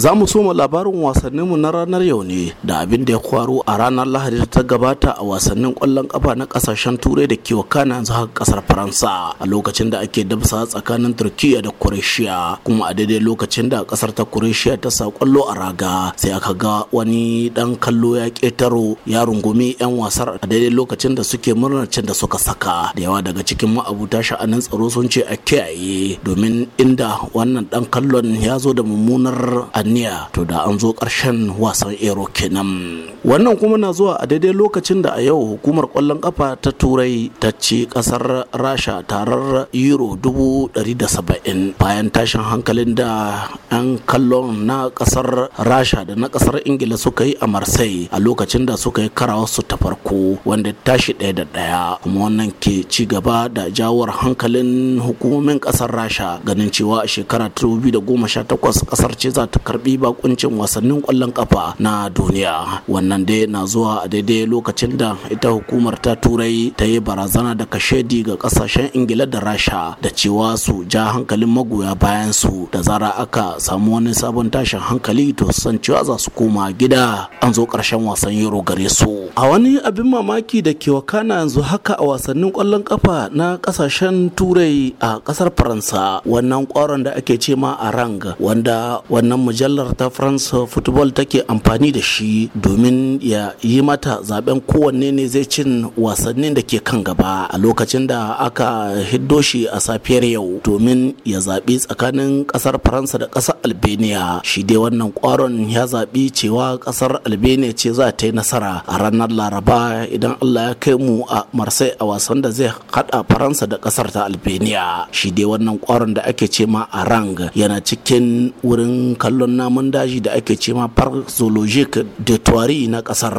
za mu soma labarin wasanninmu na ranar yau ne da abin da ya kwaro a ranar lahadi da ta gabata a wasannin kwallon kafa na kasashen turai da ke wakana yanzu haka kasar faransa a lokacin da ake dabsa tsakanin turkiya da kuresiya kuma a daidai lokacin da kasar ta kuresiya ta sa kwallo a raga sai aka ga wani dan kallo ya ketaro ya rungumi yan wasar a daidai lokacin da suke murnar cin da suka saka da yawa daga cikin ma'abuta sha'anin tsaro sun ce a kiyaye domin inda wannan dan kallon ya zo da mummunar birtaniya to da an zo ƙarshen wasan ero kenan wannan kuma na zuwa a daidai lokacin da a yau hukumar kwallon ƙafa ta turai ta ci ƙasar rasha tarar euro 170 bayan tashin hankalin da 'yan kallon na ƙasar rasha da na ƙasar ingila suka yi a marseille a lokacin da suka yi karawarsu ta farko wanda tashi ɗaya da ɗaya kuma wannan ke ci gaba da jawar hankalin hukumomin ƙasar rasha ganin cewa a shekara 2018 ƙasar ce za ta karbi karbi bakuncin wasannin kwallon kafa na duniya wannan dai na zuwa a daidai lokacin da ita hukumar ta turai ta yi barazana da kashedi ga kasashen ingila da rasha da cewa su ja hankalin magoya bayan su da zara aka samu wani sabon tashin hankali to san cewa za su koma gida an zo karshen wasan yaro gare su a wani abin mamaki da ke wakana yanzu haka a wasannin kwallon kafa na kasashen turai a kasar faransa wannan kwaron da ake ce ma a rang wanda wannan mujallar ta France Football take amfani da shi domin ya yi mata zaben kowanne ne zai cin wasannin da ke kan gaba a lokacin da aka hiddo shi a safiyar yau domin ya zaɓi tsakanin ƙasar Faransa da ƙasar albania shi dai wannan kwaron ya zaɓi cewa ƙasar albania ce za ta yi nasara a ranar laraba idan allah ya kai mu a marseille a wasan da zai haɗa faransa da ƙasar ta albania shi dai wannan kwaron da ake ce ma arang yana cikin wurin kallon namun daji da ake ce ma park zoologique de tuari na ƙasar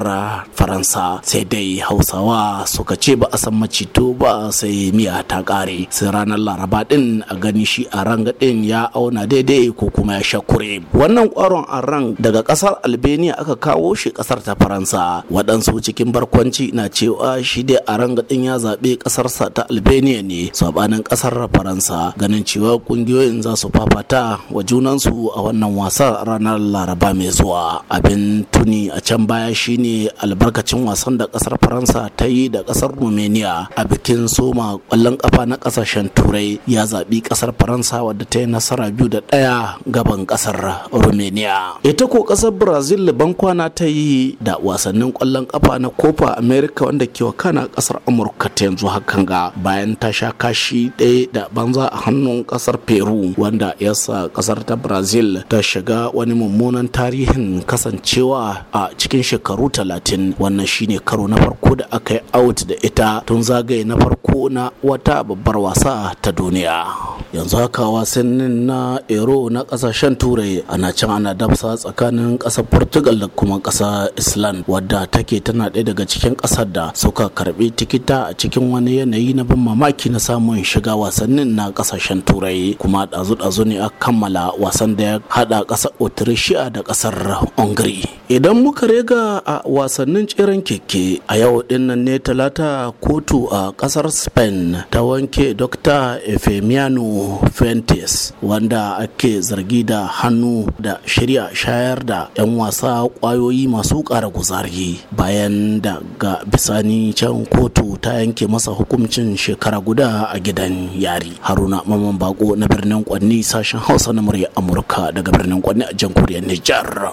faransa sai dai hausawa suka ce ba a san macito ba sai miya ta ƙare sai ranar laraba din a gani shi arang din ya auna daidai ko kuma masha wannan kwaron aran daga kasar albania aka kawo shi kasar ta faransa waɗansu cikin barkwanci na cewa shi dai aran gadin ya zaɓe kasarsa ta albania ne sabanin kasar faransa ganin cewa ƙungiyoyin za su fafata wa junansu a wannan wasan ranar laraba mai zuwa abin tuni a can baya shine albarkacin wasan da kasar faransa ta yi da kasar romania a bikin soma kwallon ƙafa na ƙasashen turai ya zaɓi kasar faransa wadda ta yi nasara biyu da ɗaya ga gaban kasar Romania. Ita ko kasar Brazil bankwana ta yi da wasannin kwallon kafa na Copa America wanda ke wa kana kasar Amurka ta yanzu hakan ga bayan ta sha kashi ɗaya da banza a hannun kasar Peru wanda ya sa kasar ta Brazil ta shiga wani mummunan tarihin kasancewa a cikin shekaru talatin wannan shine karo na farko da aka yi out da ita tun zagaye na farko na wata babbar wasa ta duniya. yanzu haka wasannin na ero na kasashen turai ana can ana dafsa tsakanin kasar portugal da kuma kasa island wadda take tana ɗaya daga cikin kasar da suka karbi tikita a cikin wani yanayi na ban mamaki na samun shiga wasannin na kasashen turai kuma ɗazu-ɗazu ne a kammala wasan da ya haɗa kasar otirishiya da kasar hungary idan muka rega a wasannin tseren keke a yau dinnan ne talata kotu a kasar spain ta wanke dr efemiano Fentis, wanda ake zargi da hannu da shirya shayar da 'yan wasa kwayoyi masu kara guzari bayan da ga bisani can kotu ta yanke masa hukuncin shekara guda a gidan yari haruna maman bako na birnin kwanni sashen hausa na murya amurka daga birnin kwanni a jamhuriyar nijar